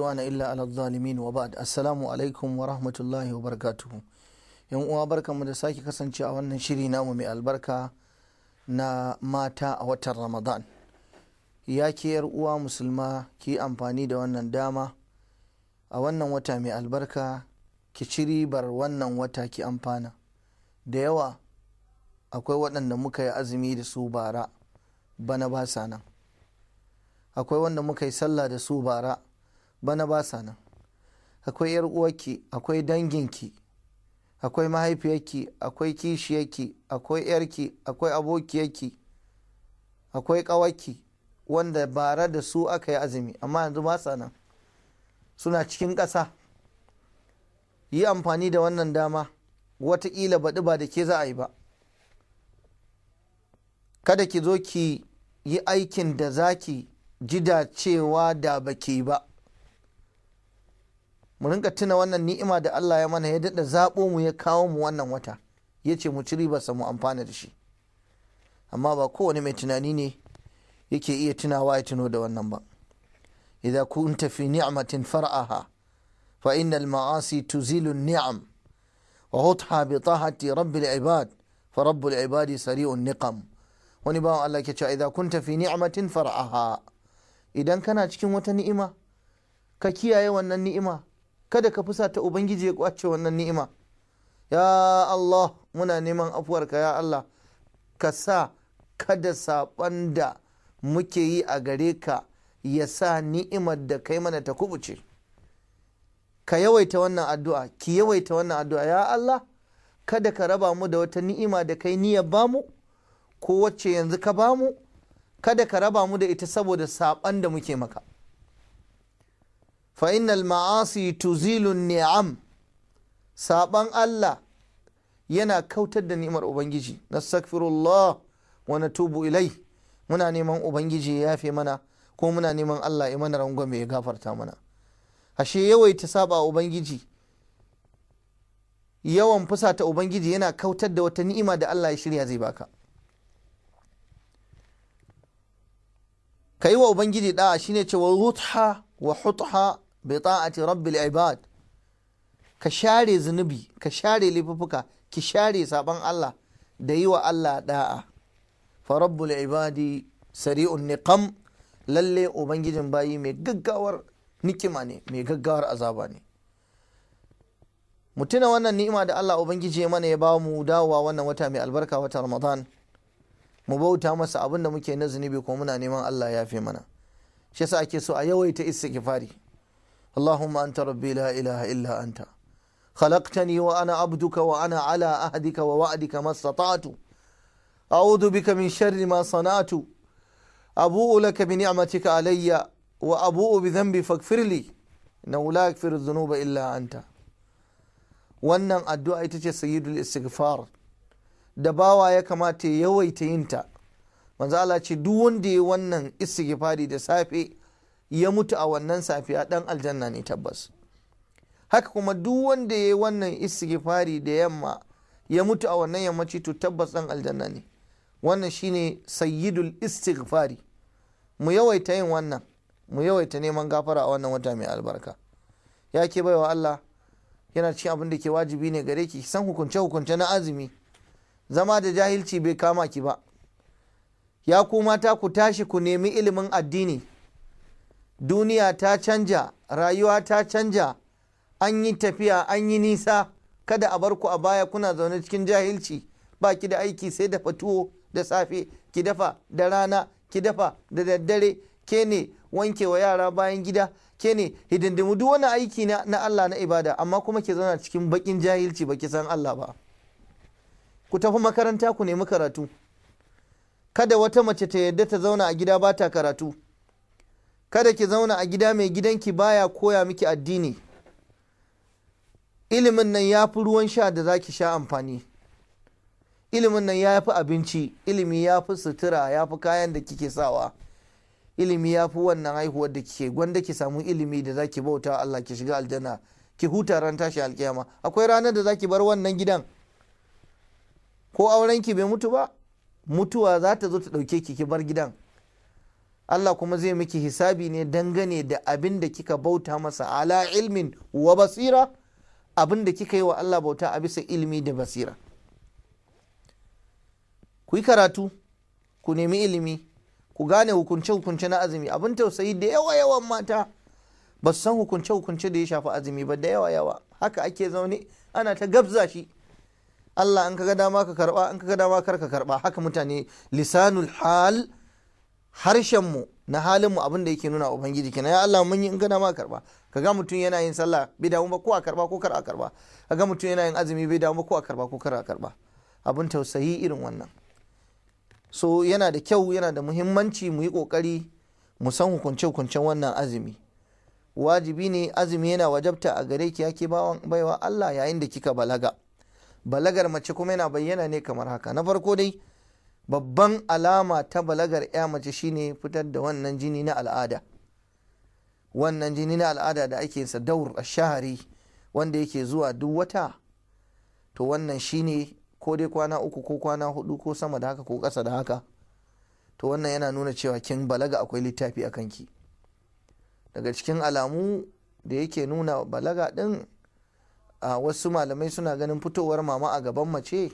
udwana illa ala zalimin wa ba'd assalamu alaikum wa rahmatullahi wa barakatuhu yan uwa mu da sake kasance a wannan shiri namu mai albarka na mata a watan ramadan ya ke yar uwa musulma ki amfani da wannan dama a wannan wata mai albarka ki ci ribar wannan wata ki amfana da yawa akwai waɗanda muka yi azumi da su bara bana ba sa nan akwai wanda muka yi sallah da su bara bana ba sa nan akwai yar uwarki akwai danginki akwai mahaifiyarki akwai kishiyarki akwai yarki akwai abokiyarki akwai ƙawarki wanda bara da su aka yi azumi amma yanzu ba nan suna cikin ƙasa yi amfani da wannan dama wataƙila baɗi ba da ke za a yi ba kada ki zo ki yi aikin da za ki ji da cewa da baki ba mu rinka tuna wannan ni'ima da Allah ya mana ya daɗa zaɓo mu ya kawo mu wannan wata ya ce mu ci ribarsa mu amfana da shi amma ba kowane mai tunani ne yake iya tunawa ya tuno da wannan ba idza kunta fi ni'matin far'aha fa innal ma'asi tuzilu ni'am wa hutha bi tahati rabbil ibad fa rabbul ibadi sari'un niqam wani bawan Allah ke cewa idza kunta fi ni'matin far'aha idan kana cikin wata ni'ima ka kiyaye wannan ni'ima kada ka ta ubangiji ya kwace wannan ni'ima ya Allah muna neman afuwarka ya Allah ka sa kada saɓan da muke yi a gare ka ya sa ni'imar da kai mana ta kubuce ka yawaita wannan addu'a ki yawaita wannan addu'a ya Allah kada ka raba mu da wata ni'ima da kai niyyar bamu ko wacce yanzu ka bamu kada ka raba mu da ita saboda saban da muke maka fa innal ma'asi Tuzilu ni'am saban Allah yana kautar da ni'imar ubangiji nastaghfirullah wa natubu ilai muna neman ubangiji ya yafe mana ko muna neman Allah ya mana rangwame ya gafarta mana ashe yawaita saba ubangiji yawan fusata ubangiji yana kautar da wata ni'ima da Allah ya shirya zai baka ka yi wa ubangiji da'a shine cewa rutha wa hutha bi ta'ati rabbil ibad ka share zunubi ka share lifufuka ki share sabon Allah da yi wa Allah da'a fa rabbul ibadi sari'un niqam lalle ubangijin bayi mai gaggawar nikima ne mai gaggawar azaba ne mutuna wannan ni'ima da Allah ubangiji mana ya ba mu dawowa wannan wata mai albarka wata ramadan mu bauta masa abin da muke na zunubi ko muna neman Allah ya fi mana shi yasa ake so a yawaita istighfari اللهم أنت ربي لا إله إلا أنت خلقتني وأنا عبدك وأنا على أهدك ووعدك ما استطعت أعوذ بك من شر ما صنعت أبوء لك بنعمتك علي وأبوء بذنبي فاغفر لي إنه لا يغفر الذنوب إلا أنت wannan addu'a ita ce sayyidul istighfar da bawa ya kamata ya yawaita yinta manzo Allah ce duk wanda ya wannan istighfari da safe ya mutu a wannan safiya dan aljanna ne tabbas haka kuma duk wanda ya yi wannan istighfari da yamma ya mutu a wannan yammaci to tabbas dan aljanna ne wannan shine sayyidul istighfari mu yawaita yin wannan mu yawaita neman gafara a wannan wata mai albarka ya ke baiwa Allah yana cikin abin da ke wajibi ne gare ki san hukunce hukunce na azumi zama da jahilci bai kama ki ba ya kuma ta ku tashi ku nemi ilimin addini duniya ta canja rayuwa ta canja an yi tafiya an yi nisa kada a bar ku a baya kuna zaune cikin jahilci ba ki da aiki sai dafa tuwo da safe ki dafa da rana ki dafa da daddare ke ne wanke wa yara bayan gida ke ne hidindimu duk wani aiki na, na Allah na ibada amma kuma ke zauna cikin bakin jahilci baki san Allah ba ku tafi makaranta ku nemi karatu kada wata mace ta yadda ta zauna a gida ba ta karatu kada ki zauna a gida mai gidanki baya koya miki addini ilimin nan ya fi ruwan sha da za ki sha amfani ilimin nan ya fi abinci ilimi ya fi sutura ya fi kayan da kike sawa ilimi ya fi wannan haihuwar da kike gwanda ki samu ilimi da za ki bauta Allah ki shiga aljanna ki huta ran tashi alkiyama akwai ranar da za ki bar wannan gidan ko aurenki bai mutu ba mutuwa za ta zo ta ɗauke ki ki bar gidan Allah kuma zai miki hisabi ne dangane da abin da kika bauta masa ala ilmin wa basira abin da kika yi wa Allah bauta a bisa ilmi da basira ku yi karatu ku nemi ilimi ku gane hukunce-hukunce na azumi abin tausayi da yawa-yawan mata ba san hukunce-hukunce da ya shafi azumi ba da yawa-yawa haka ake zaune ana ta gabza shi Allah an kaga dama ka karba an kaga dama kar ka karba haka mutane lisanul hal Harshen mu na halinmu abin da yake nuna ubangiji kenan ya Allah mun yi in kana ma karba kaga mutum yana yin sallah bai damu ba ko a karba ko kar a karba kaga mutum yana yin azumi bai damu ba ko a karba ko kar a karba abin tausayi irin wannan so yana da kyau yana da muhimmanci mu yi kokari mu san hukunce hukuncen wannan azumi wajibi ne azumi yana wajabta a gare ki yake bawan baiwa Allah yayin da kika balaga balagar mace kuma yana bayyana ne kamar haka na farko dai babban alama ta balagar ya mace shine fitar da wannan jini na al'ada wannan jini na al'ada da ake sa daur a shahari wanda yake zuwa duk wata to wannan shine ko dai kwana uku ko kwana hudu ko sama da haka ko ƙasa da haka to wannan yana nuna cewa kin balaga akwai littafi a kanki daga cikin alamu da yake nuna balaga din a wasu malamai suna ganin fitowar mama a gaban mace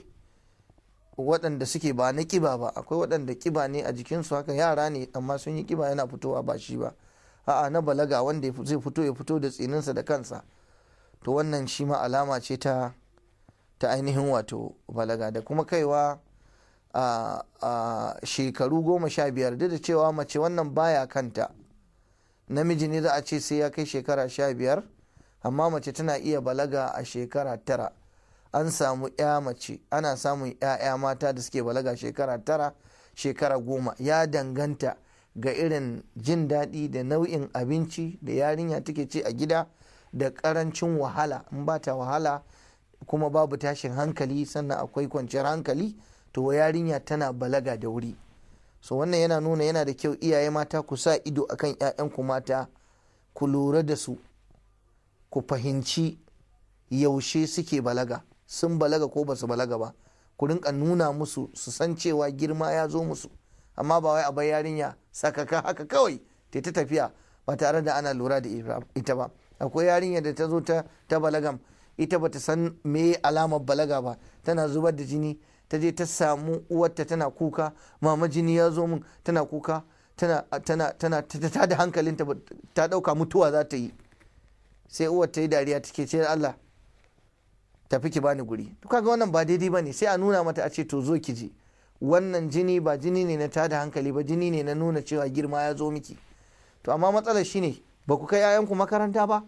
waɗanda suke ba na kiba ba akwai waɗanda kiba ne a jikinsu haka yara ne amma sun yi kiba yana fitowa ba shi ba a'a na balaga wanda zai fito ya fito da tsininsa da kansa to wannan shi ma alama ce ta ta ainihin wato balaga da kuma kaiwa a, a shekaru goma sha biyar duk da cewa mace wannan baya kanta namiji ne za a ce sai ya kai shekara sha biyar amma mace tana iya balaga a shekara tara an samu ya mace ana samun ya'ya mata da suke balaga shekara tara shekara goma ya danganta ga irin jin daɗi da nau'in abinci da yarinya take ce a gida da ƙarancin wahala in ba ta wahala kuma babu tashin hankali sannan akwai kwanciyar hankali to yarinya tana balaga da wuri so wannan yana nuna yana da kyau iyaye mata ku sa ido akan ku mata ku lura da su ku fahimci yaushe suke balaga sun balaga ko basu balaga ba ku rinka nuna musu su san cewa girma ya zo musu amma ba wai a bar yarinya sakaka haka kawai ta ta tafiya ba tare da ana lura da ita ba akwai yarinya da ta zo ta balagam ita bata san me alamar balaga ba tana zubar da jini ta je ta samu uwarta tana kuka mama jini ya zo min tana kuka tana tana ta da hankalinta ta dauka mutuwa za ta yi sai uwar ta yi dariya take ce Allah tafi ki bani guri Duka kaga wannan ba daidai bane sai a nuna mata a ce to zo ki je wannan jini ba jini ne na tada hankali ba jini ne na nuna cewa girma ya zo miki to amma matsalar shine ba ku kai 'ya'yanku makaranta ba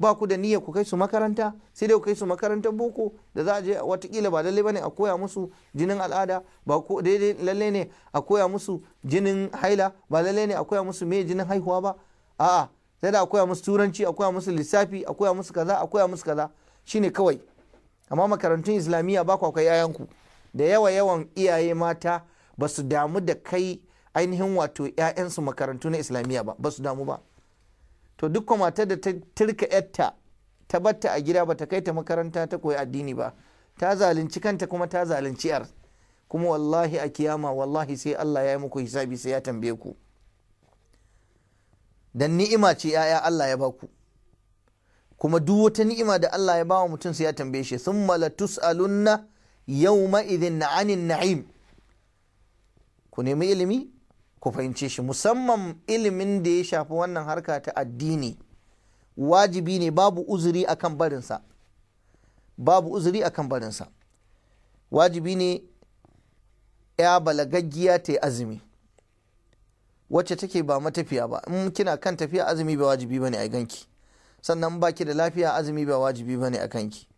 ba ku da niyyar ku kai su makaranta sai dai ku kai su makarantar boko da za a je watakila ba lallai bane a koya musu jinin al'ada ba ko daidai lallai ne a koya musu jinin haila ba lallai ne a koya musu me jinin haihuwa ba a'a sai da a koya musu turanci a koya musu lissafi a koya musu kaza a koya musu kaza shine kawai amma makarantun islamiyya ba ku kai yayanku da yawa yawan iyaye mata ba su damu da kai ainihin wato 'ya'yansu makarantu na islamiyya ba ba su damu ba to duk mata da ta tirka yatta ta batta a gida ba ta kai ta makaranta ta koyi addini ba ta zalunci kanta kuma ta zalunci yar kuma wallahi a kiyama wallahi sai Allah ya yi muku hisabi sai ya tambaye ku dan ni'ima ce 'ya'ya Allah ya baku kuma duk wata ni'ima da Allah ya bawa mutum sai ya tambaye shi malatus alunna yau ma'izin na'anin na'im ku nemi ilimi ku fahimce shi musamman ilimin da ya shafi wannan harka ta addini wajibi ne babu uzuri akan barinsa babu uzuri kan barinsa wajibi ne ya balagaggiya ta azumi wacce take ba matafiya ba in kina kan tafiya azumi ba wajibi ba ne a ganki sannan baki da lafiya azumi ba wajibi bane a kanki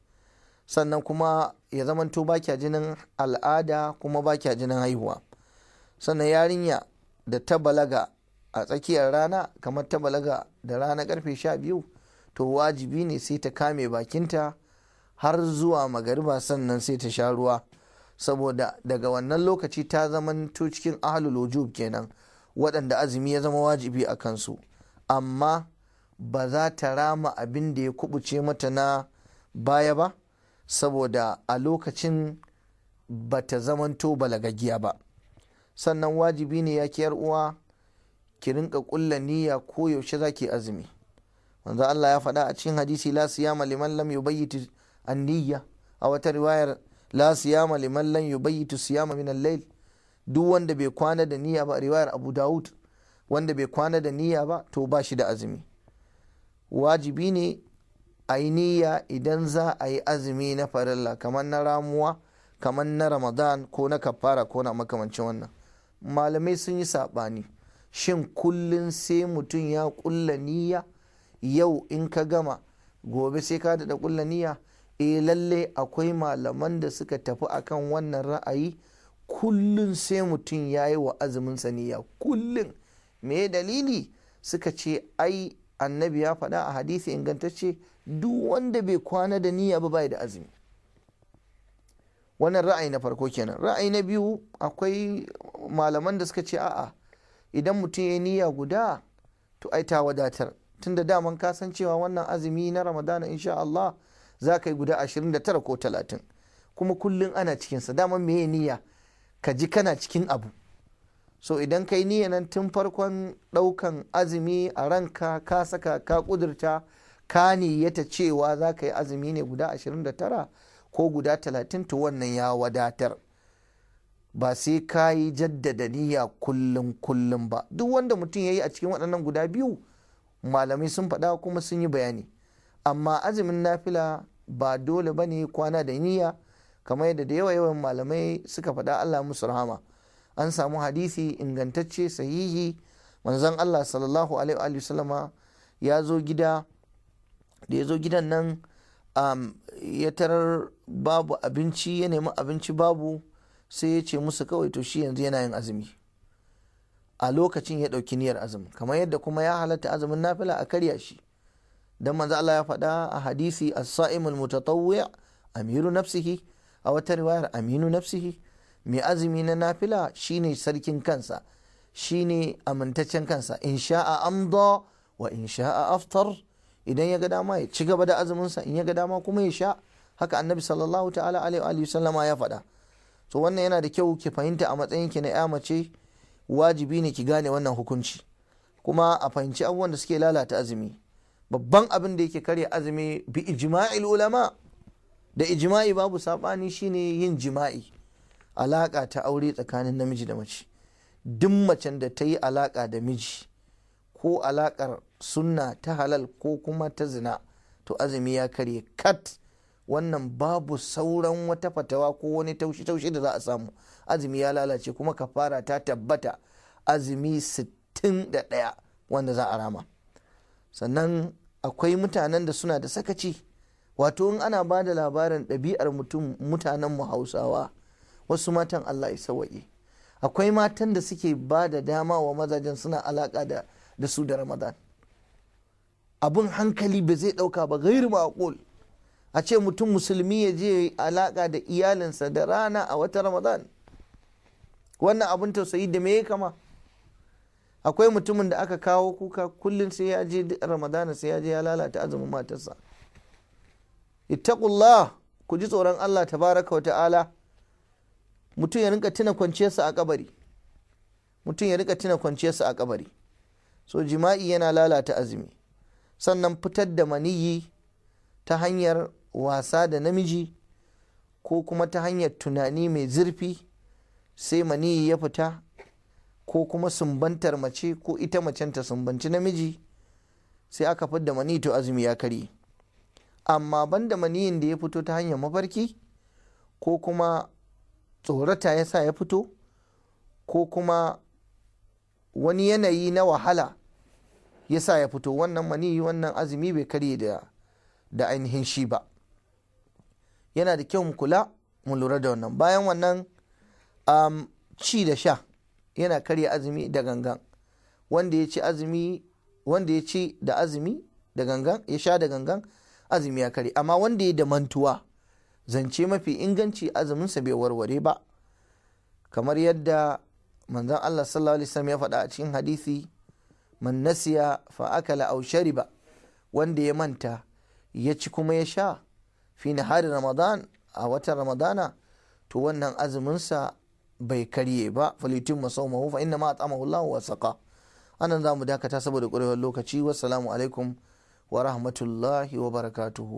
sannan kuma ya zamanto baki jinin al'ada kuma baki jinin haihuwa sannan yarinya da ta balaga a tsakiyar rana kamar ta balaga da rana karfe sha biyu to wajibi ne sai ta kame bakinta har zuwa magariba sannan sai ta sha ruwa saboda daga wannan lokaci ta zamanto cikin ahlul wujub kenan waɗanda azumi ya zama wajibi a kansu amma ba za ta rama abin da ya kubuce mata na baya ba saboda a lokacin ba ta zamanto balagagiya ba sannan wajibi ne ya kiyar uwa ki rinka kulla niyya ko yaushe za ki azumi Wanzu Allah ya faɗa a cikin hadisi la siyama liman lam yubayyit an-niyya a wata riwayar la siyama liman lam bayyitu siyama min al-layl duk wanda bai kwana da niyya ba riwayar Abu Dawud wanda bai kwana da niyya ba to ba shi da azumi wajibi ne a yi niyya idan za a yi azumi na farilla kamar na ramuwa kamar na ramadan ko na kafara ko na makamancin wannan malamai sun yi saɓani shin kullum sai mutum ya ƙulla niyya yau in ka gama gobe sai ka daɗa ƙulla niyya e lalle akwai malaman da suka tafi akan wannan ra'ayi kullum sai mutum ya yi wa azuminsa niyya kullum me dalili suka ce ai annabi ya faɗa a hadisi ingantacce duk wanda bai kwana da niyya ba bai da azumi wannan ra'ayi na farko kenan ra'ayi na biyu akwai malaman da suka ce a'a idan mutum ya niyya guda to ai ta wadatar tunda daman ka san cewa wannan azumi na ramadana insha Allah za ka yi guda 29 ko 30 kuma kullum ana cikinsa daman meye niyya ka ji kana cikin abu so idan kai niyya nan tun farkon daukan azumi a ranka ka saka ka kudurta ka niyyata cewa za ka yi azumi ne guda 29 ko guda 30 to wannan ya wadatar ba sai ka yi jaddada niyya kullum kullum ba duk wanda mutum ya yi a cikin waɗannan guda biyu malamai sun faɗa kuma sun yi bayani amma azumin nafila ba dole ba ne kwana da niyya kamar yadda da yawa yawan malamai suka faɗa allah musu rahama an samu hadisi ingantacce sahihi manzon Allah sallallahu alaihi sallama ya zo gida da ya zo gidan nan um, ya tarar babu abinci ya nemi abinci babu sai ya ce musu kawai to shi yanzu yana yin azumi a lokacin ya ɗauki niyyar azumi kamar yadda kuma ya halatta azumin nafila a karya shi dan manzo Allah ya faɗa a hadisi as-sa'imul mutatawwi' amiru nafsihi a wata riwayar aminu nafsihi mai azumi na nafila shine sarkin kansa shine amintaccen kansa in sha'a amdo wa in sha'a aftar idan ya ga dama ya ci gaba da azuminsa in ya ga dama kuma ya sha haka annabi sallallahu ta'ala alaihi wa sallama ya faɗa to wannan yana da kyau ki fahimta a matsayin ki na ya mace wajibi ne ki gane wannan hukunci kuma a fahimci abubuwan da suke lalata azumi babban abin da yake karya azumi bi ijma'il ulama da ijma'i babu sabani shine yin jima'i alaƙa ta aure tsakanin namiji da mace duk macen da ta yi alaƙa da miji ko alaƙar sunna ta halal ko kuma ta zina to azumi ya karye kat wannan babu sauran wata fatawa ko wani taushe-taushe da za a samu azumi ya lalace kuma kafara ta tabbata azumi 61 wanda za a rama sannan akwai mutanen da suna da sakaci wato in ana ba da labarin ɗabi'ar mutum mu hausawa wasu matan Allah ya sawaye akwai matan da suke ba da dama wa mazajen suna alaka da da su da Ramadan Abin hankali ba zai dauka ba gairu ma'qul a ce mutum musulmi ya je alaka da iyalinsa da rana a wata Ramadan wannan abun tausayi da me ya kama akwai mutumin da aka kawo kuka kullum sai ya je ramadana sai ya je ya lalata azumin matarsa ittaqullah ku ji tsoron Allah tabaraka wa ta'ala mutum ya rinka tuna kwanciyarsa a kabari mutum ya rinka tuna kwanciyarsa a kabari so jima'i yana lalata azumi sannan fitar da maniyi ta hanyar wasa da namiji ko kuma ta hanyar tunani mai zurfi sai maniyi ya fita ko kuma sumbantar mace ko ita macen ta sumbanci namiji sai aka fidda maniyi to azumi ya karye amma banda maniyin da ya fito ta hanyar mafarki ko kuma tsorata ya sa ya fito ko kuma wani yanayi na wahala ya sa ya fito wannan mani wannan azumi bai karye da ainihin shi ba yana da kyau mu kula mu lura da wannan bayan wannan ci da sha yana karya azumi da gangan wanda ya ci azumi wanda ya ci da azumi da gangan ya sha da gangan azumi ya karye amma wanda ya da mantuwa zance mafi inganci azuminsa bai warware ba kamar yadda manzon Allah sallallahu alaihi wasallam ya faɗa a cikin hadisi man nasiya fa akala aw shariba wanda ya manta ya ci kuma ya sha fi nahari ramadan a watan ramadana to wannan azuminsa bai karye ba falitin masaumahu fa inna ma at'amahu Allah wa saqa anan zamu dakata saboda ƙwarewar lokaci wassalamu alaikum wa rahmatullahi wa barakatuhu